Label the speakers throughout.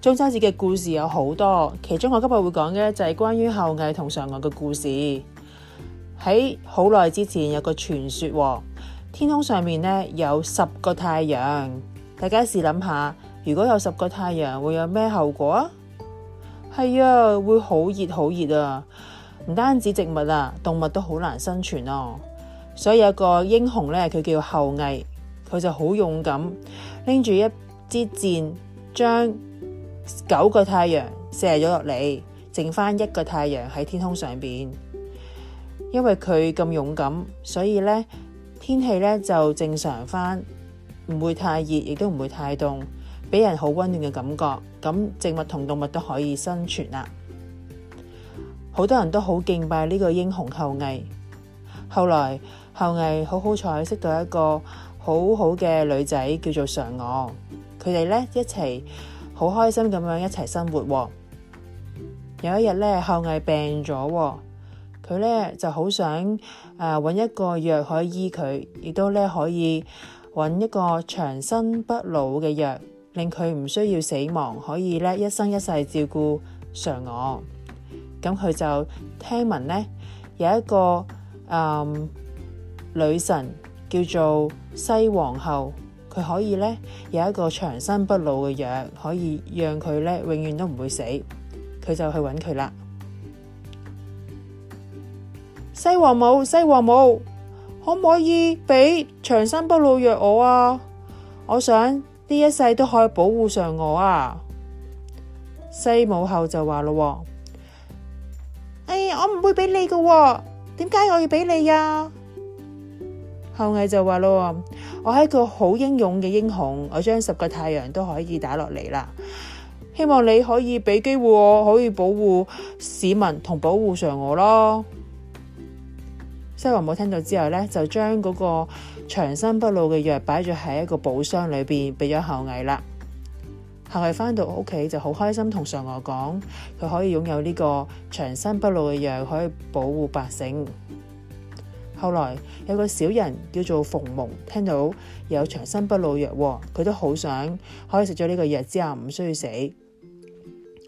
Speaker 1: 中秋節嘅故事有好多，其中我今日會講嘅就係關於后羿同嫦娥嘅故事。喺好耐之前有個傳說，天空上面呢有十個太陽。大家試諗下，如果有十個太陽，會有咩後果啊？係啊，會好熱好熱啊！唔單止植物啊，動物都好難生存咯。所以有個英雄呢，佢叫后羿，佢就好勇敢，拎住一支箭將。九個太陽射咗落嚟，剩翻一個太陽喺天空上邊。因為佢咁勇敢，所以呢天氣呢就正常翻，唔會太熱，亦都唔會太凍，俾人好溫暖嘅感覺。咁植物同動物都可以生存啦。好多人都好敬拜呢個英雄后羿。後來后羿好好彩識到一個好好嘅女仔，叫做嫦娥。佢哋呢一齊。好開心咁樣一齊生活。有一日咧，后羿病咗，佢咧就好想誒搵一個藥可以醫佢，亦都咧可以搵一個長生不老嘅藥，令佢唔需要死亡，可以咧一生一世照顧嫦娥。咁佢就聽聞咧有一個誒女神叫做西皇后。佢可以呢，有一個長生不老嘅藥，可以讓佢呢永遠都唔會死。佢就去揾佢啦。西王母，西王母，可唔可以俾長生不老藥我啊？我想呢一世都可以保護上我啊。西母后就話咯：哎我唔會俾你噶啊，點解我要俾你啊？后羿就話咯。我係一個好英勇嘅英雄，我將十個太陽都可以打落嚟啦！希望你可以俾機會我，可以保護市民同保護嫦娥咯。西王母聽到之後呢，就將嗰個長生不老嘅藥擺咗喺一個寶箱裏邊，俾咗后羿啦。后羿返到屋企就好開心上說，同嫦娥講，佢可以擁有呢個長生不老嘅藥，可以保護百姓。後來有個小人叫做馮蒙，聽到有長生不老藥，佢都好想可以食咗呢個藥之後唔需要死，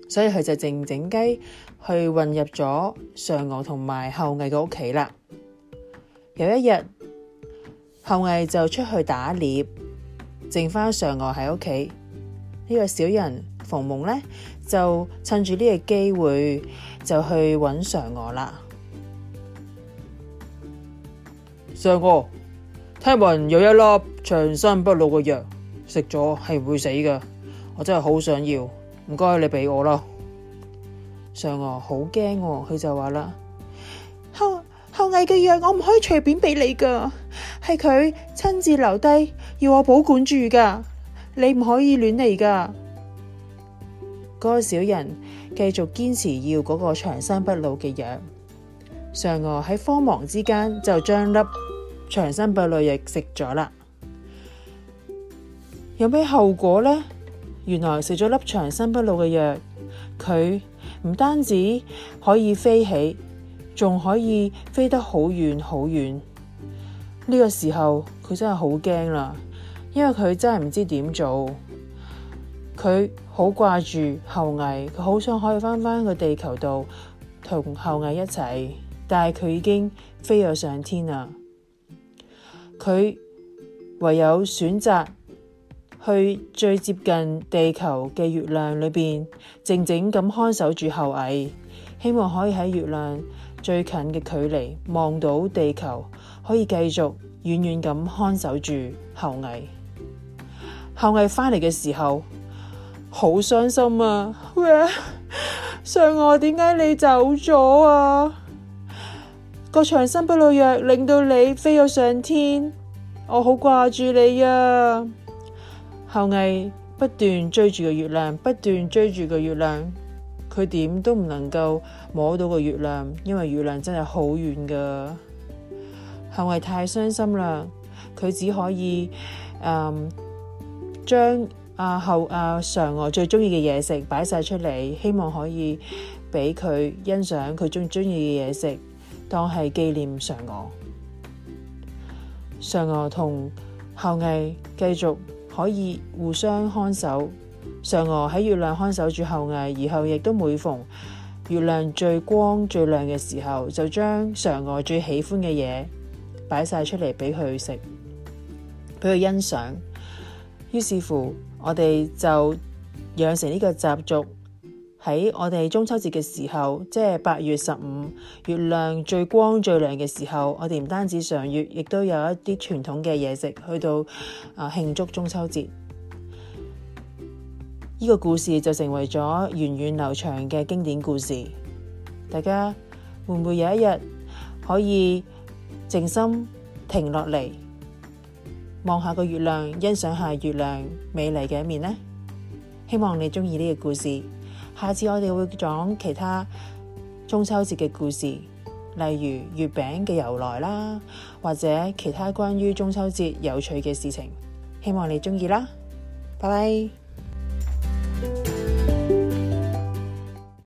Speaker 1: 所以佢就靜靜雞去混入咗嫦娥同埋后羿嘅屋企啦。有一日，后羿就出去打獵，剩翻，嫦娥喺屋企。呢個小人馮蒙呢，就趁住呢個機會就去搵嫦娥啦。嫦娥，聽聞有一粒長生不老嘅藥，食咗係唔會死嘅。我真係好想要，唔該你俾我啦。嫦娥好驚，佢就話啦：后后羿嘅藥我唔可以隨便俾你噶，係佢親自留低，要我保管住噶，你唔可以亂嚟噶。嗰個小人繼續堅持要嗰個長生不老嘅藥。嫦娥喺慌忙之間就將粒長生不老藥食咗啦。有咩後果呢？原來食咗粒長生不老嘅藥，佢唔單止可以飛起，仲可以飛得好遠好遠。呢個時候佢真係好驚啦，因為佢真係唔知點做。佢好掛住后羿，佢好想可以返返個地球度同后羿一齊。但係佢已經飛咗上天啦，佢唯有選擇去最接近地球嘅月亮裏邊，靜靜咁看守住后羿，希望可以喺月亮最近嘅距離望到地球，可以繼續遠遠咁看守住后羿。后羿返嚟嘅時候，好傷心啊！喂！嫦娥，點解你走咗啊？個長生不老藥令到你飛咗上天，我好掛住你啊！后羿不斷追住個月亮，不斷追住個月亮，佢點都唔能夠摸到個月亮，因為月亮真係好遠噶。后羿太傷心啦，佢只可以誒將阿后阿嫦娥最中意嘅嘢食擺晒出嚟，希望可以俾佢欣賞佢中意、中意嘅嘢食。當係紀念嫦娥，嫦娥同后羿繼續可以互相看守。嫦娥喺月亮看守住后羿，而后亦都每逢月亮最光最亮嘅時候，就將嫦娥最喜歡嘅嘢，擺晒出嚟俾佢食，俾佢欣賞。於是乎，我哋就養成呢個習俗。喺我哋中秋節嘅時候，即係八月十五，月亮最光最亮嘅時候，我哋唔單止賞月，亦都有一啲傳統嘅嘢食去到啊慶祝中秋節。呢個故事就成為咗源遠流長嘅經典故事。大家會唔會有一日可以靜心停落嚟，望下個月亮，欣賞下月亮美麗嘅一面呢？希望你中意呢個故事。下次我哋會講其他中秋節嘅故事，例如月餅嘅由來啦，或者其他關於中秋節有趣嘅事情。希望你鍾意啦，拜拜。